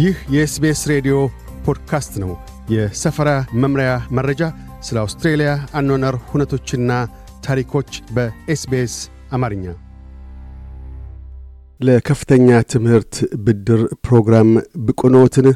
ይህ የኤስቤስ ሬዲዮ ፖድካስት ነው። የሰፈራ መምሪያ መረጃ፣ ስለ አውስትሬልያ አኗነር ሁነቶችና ታሪኮች በኤስቤስ አማርኛ። ለከፍተኛ ትምህርት ብድር ፕሮግራም ብቁኖትን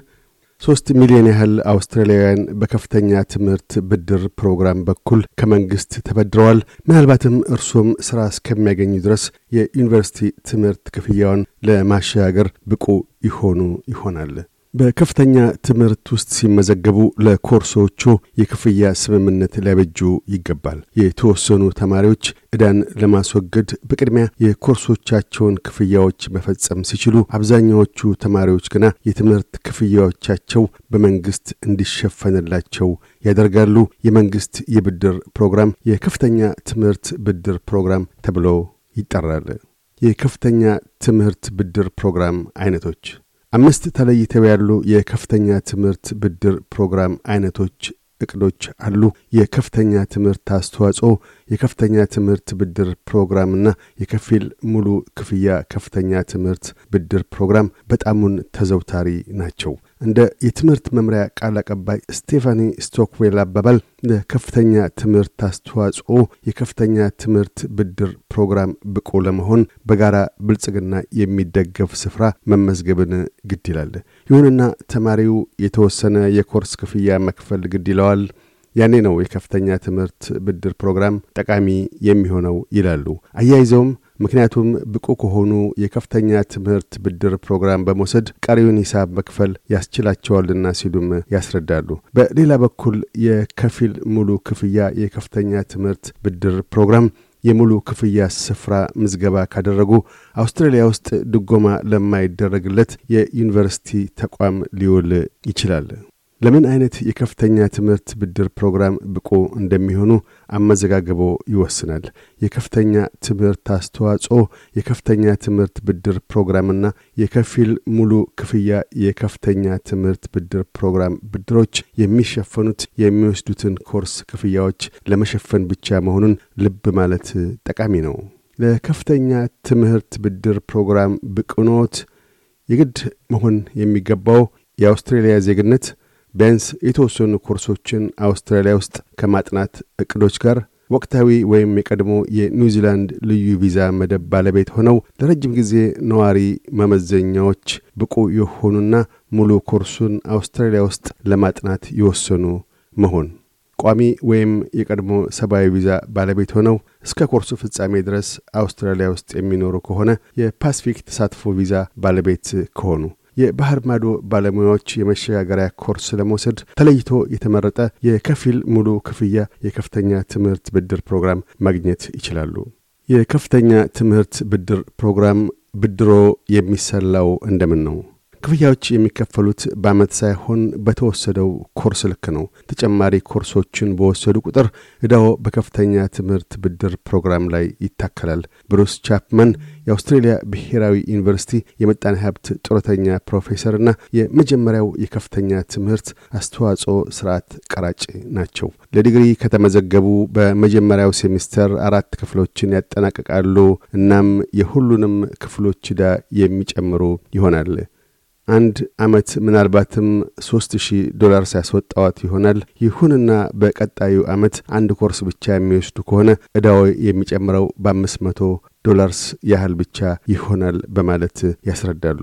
ሶስት ሚሊዮን ያህል አውስትራሊያውያን በከፍተኛ ትምህርት ብድር ፕሮግራም በኩል ከመንግስት ተበድረዋል። ምናልባትም እርሶም ስራ እስከሚያገኙ ድረስ የዩኒቨርሲቲ ትምህርት ክፍያውን ለማሸጋገር ብቁ ይሆኑ ይሆናል። በከፍተኛ ትምህርት ውስጥ ሲመዘገቡ ለኮርሶቹ የክፍያ ስምምነት ሊያበጁ ይገባል። የተወሰኑ ተማሪዎች እዳን ለማስወገድ በቅድሚያ የኮርሶቻቸውን ክፍያዎች መፈጸም ሲችሉ፣ አብዛኛዎቹ ተማሪዎች ግና የትምህርት ክፍያዎቻቸው በመንግስት እንዲሸፈንላቸው ያደርጋሉ። የመንግስት የብድር ፕሮግራም የከፍተኛ ትምህርት ብድር ፕሮግራም ተብሎ ይጠራል። የከፍተኛ ትምህርት ብድር ፕሮግራም አይነቶች አምስት ተለይተው ያሉ የከፍተኛ ትምህርት ብድር ፕሮግራም አይነቶች እቅዶች አሉ። የከፍተኛ ትምህርት አስተዋጽኦ፣ የከፍተኛ ትምህርት ብድር ፕሮግራምና የከፊል ሙሉ ክፍያ ከፍተኛ ትምህርት ብድር ፕሮግራም በጣሙን ተዘውታሪ ናቸው። እንደ የትምህርት መምሪያ ቃል አቀባይ ስቴፋኒ ስቶክዌል አባባል ለከፍተኛ ትምህርት አስተዋጽኦ የከፍተኛ ትምህርት ብድር ፕሮግራም ብቁ ለመሆን በጋራ ብልጽግና የሚደገፍ ስፍራ መመዝገብን ግድ ይላል። ይሁንና ተማሪው የተወሰነ የኮርስ ክፍያ መክፈል ግድ ይለዋል። ያኔ ነው የከፍተኛ ትምህርት ብድር ፕሮግራም ጠቃሚ የሚሆነው ይላሉ። አያይዘውም ምክንያቱም ብቁ ከሆኑ የከፍተኛ ትምህርት ብድር ፕሮግራም በመውሰድ ቀሪውን ሂሳብ መክፈል ያስችላቸዋልና ሲሉም ያስረዳሉ። በሌላ በኩል የከፊል ሙሉ ክፍያ የከፍተኛ ትምህርት ብድር ፕሮግራም የሙሉ ክፍያ ስፍራ ምዝገባ ካደረጉ አውስትራሊያ ውስጥ ድጎማ ለማይደረግለት የዩኒቨርስቲ ተቋም ሊውል ይችላል። ለምን አይነት የከፍተኛ ትምህርት ብድር ፕሮግራም ብቁ እንደሚሆኑ አመዘጋገቦ ይወስናል። የከፍተኛ ትምህርት አስተዋጽኦ፣ የከፍተኛ ትምህርት ብድር ፕሮግራምና የከፊል ሙሉ ክፍያ የከፍተኛ ትምህርት ብድር ፕሮግራም ብድሮች የሚሸፈኑት የሚወስዱትን ኮርስ ክፍያዎች ለመሸፈን ብቻ መሆኑን ልብ ማለት ጠቃሚ ነው። ለከፍተኛ ትምህርት ብድር ፕሮግራም ብቅኖት የግድ መሆን የሚገባው የአውስትሬልያ ዜግነት ቢያንስ የተወሰኑ ኮርሶችን አውስትራሊያ ውስጥ ከማጥናት እቅዶች ጋር ወቅታዊ ወይም የቀድሞ የኒውዚላንድ ልዩ ቪዛ መደብ ባለቤት ሆነው ለረጅም ጊዜ ነዋሪ መመዘኛዎች ብቁ የሆኑና ሙሉ ኮርሱን አውስትራሊያ ውስጥ ለማጥናት የወሰኑ መሆን ቋሚ ወይም የቀድሞ ሰብአዊ ቪዛ ባለቤት ሆነው እስከ ኮርሱ ፍጻሜ ድረስ አውስትራሊያ ውስጥ የሚኖሩ ከሆነ የፓስፊክ ተሳትፎ ቪዛ ባለቤት ከሆኑ የባህር ማዶ ባለሙያዎች የመሸጋገሪያ ኮርስ ለመውሰድ ተለይቶ የተመረጠ የከፊል ሙሉ ክፍያ የከፍተኛ ትምህርት ብድር ፕሮግራም ማግኘት ይችላሉ። የከፍተኛ ትምህርት ብድር ፕሮግራም ብድሮ የሚሰላው እንደምን ነው? ክፍያዎች የሚከፈሉት በዓመት ሳይሆን በተወሰደው ኮርስ ልክ ነው። ተጨማሪ ኮርሶችን በወሰዱ ቁጥር እዳው በከፍተኛ ትምህርት ብድር ፕሮግራም ላይ ይታከላል። ብሩስ ቻፕማን የአውስትሬልያ ብሔራዊ ዩኒቨርሲቲ የመጣኔ ሀብት ጡረተኛ እና የመጀመሪያው የከፍተኛ ትምህርት አስተዋጽኦ ስርዓት ቀራጭ ናቸው። ለዲግሪ ከተመዘገቡ በመጀመሪያው ሴሚስተር አራት ክፍሎችን ያጠናቅቃሉ። እናም የሁሉንም ክፍሎች እዳ የሚጨምሩ ይሆናል። አንድ ዓመት ምናልባትም 3 ሺህ ዶላር ሲያስወጣዋት ይሆናል። ይሁንና በቀጣዩ ዓመት አንድ ኮርስ ብቻ የሚወስዱ ከሆነ ዕዳው የሚጨምረው በ500 ዶላርስ ያህል ብቻ ይሆናል በማለት ያስረዳሉ።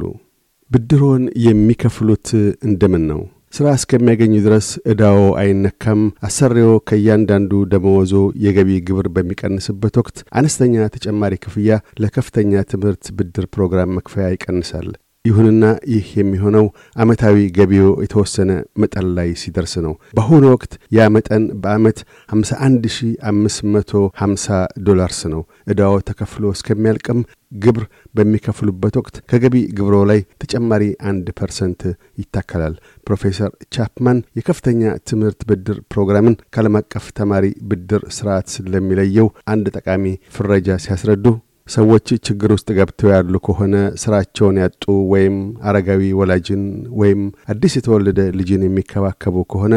ብድሮን የሚከፍሉት እንደምን ነው? ሥራ እስከሚያገኙ ድረስ ዕዳዎ አይነካም። አሰሪዎ ከእያንዳንዱ ደመወዞ የገቢ ግብር በሚቀንስበት ወቅት አነስተኛ ተጨማሪ ክፍያ ለከፍተኛ ትምህርት ብድር ፕሮግራም መክፈያ ይቀንሳል። ይሁንና ይህ የሚሆነው ዓመታዊ ገቢው የተወሰነ መጠን ላይ ሲደርስ ነው። በአሁኑ ወቅት ያ መጠን በዓመት 51550 ዶላርስ ነው። ዕዳዎ ተከፍሎ እስከሚያልቅም ግብር በሚከፍሉበት ወቅት ከገቢ ግብሮ ላይ ተጨማሪ አንድ ፐርሰንት ይታከላል። ፕሮፌሰር ቻፕማን የከፍተኛ ትምህርት ብድር ፕሮግራምን ከዓለም አቀፍ ተማሪ ብድር ስርዓት ስለሚለየው አንድ ጠቃሚ ፍረጃ ሲያስረዱ ሰዎች ችግር ውስጥ ገብተው ያሉ ከሆነ ስራቸውን ያጡ ወይም አረጋዊ ወላጅን ወይም አዲስ የተወለደ ልጅን የሚከባከቡ ከሆነ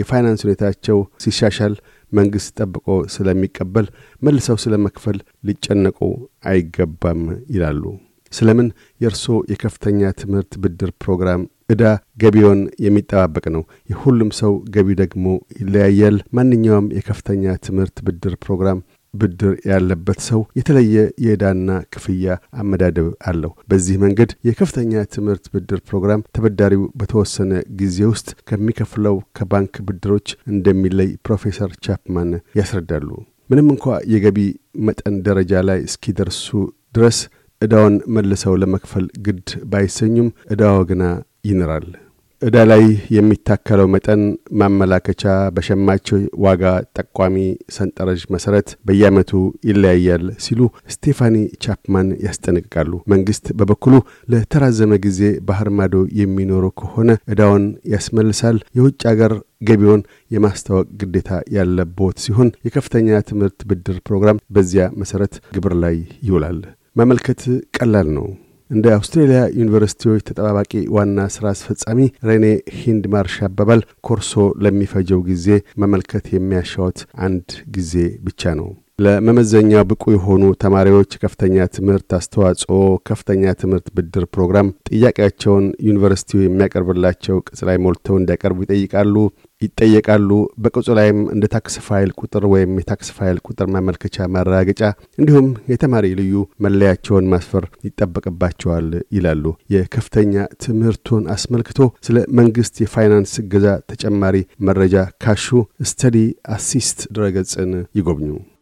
የፋይናንስ ሁኔታቸው ሲሻሻል መንግስት ጠብቆ ስለሚቀበል መልሰው ስለ መክፈል ሊጨነቁ አይገባም ይላሉ። ስለምን የእርስዎ የከፍተኛ ትምህርት ብድር ፕሮግራም እዳ ገቢውን የሚጠባበቅ ነው። የሁሉም ሰው ገቢ ደግሞ ይለያያል። ማንኛውም የከፍተኛ ትምህርት ብድር ፕሮግራም ብድር ያለበት ሰው የተለየ የዕዳና ክፍያ አመዳደብ አለው። በዚህ መንገድ የከፍተኛ ትምህርት ብድር ፕሮግራም ተበዳሪው በተወሰነ ጊዜ ውስጥ ከሚከፍለው ከባንክ ብድሮች እንደሚለይ ፕሮፌሰር ቻፕማን ያስረዳሉ። ምንም እንኳ የገቢ መጠን ደረጃ ላይ እስኪደርሱ ድረስ ዕዳውን መልሰው ለመክፈል ግድ ባይሰኙም ዕዳዋ ግና ይኖራል። እዳ ላይ የሚታከለው መጠን ማመላከቻ በሸማች ዋጋ ጠቋሚ ሰንጠረዥ መሰረት በየዓመቱ ይለያያል ሲሉ ስቴፋኒ ቻፕማን ያስጠነቅቃሉ። መንግስት በበኩሉ ለተራዘመ ጊዜ ባህር ማዶ የሚኖረው ከሆነ እዳውን ያስመልሳል። የውጭ አገር ገቢውን የማስታወቅ ግዴታ ያለቦት ሲሆን የከፍተኛ ትምህርት ብድር ፕሮግራም በዚያ መሰረት ግብር ላይ ይውላል። ማመልከት ቀላል ነው። እንደ አውስትሬልያ ዩኒቨርሲቲዎች ተጠባባቂ ዋና ስራ አስፈጻሚ ሬኔ ሂንድ ማርሽ አባባል ኮርሶ ለሚፈጀው ጊዜ መመልከት የሚያሻውት አንድ ጊዜ ብቻ ነው። ለመመዘኛ ብቁ የሆኑ ተማሪዎች ከፍተኛ ትምህርት አስተዋጽኦ ከፍተኛ ትምህርት ብድር ፕሮግራም ጥያቄያቸውን ዩኒቨርሲቲው የሚያቀርብላቸው ቅጽ ላይ ሞልተው እንዲያቀርቡ ይጠይቃሉ ይጠየቃሉ። በቅጹ ላይም እንደ ታክስ ፋይል ቁጥር ወይም የታክስ ፋይል ቁጥር ማመልከቻ ማረጋገጫ እንዲሁም የተማሪ ልዩ መለያቸውን ማስፈር ይጠበቅባቸዋል ይላሉ። የከፍተኛ ትምህርቱን አስመልክቶ ስለ መንግስት የፋይናንስ እገዛ ተጨማሪ መረጃ ካሹ ስተዲ አሲስት ድረገጽን ይጎብኙ።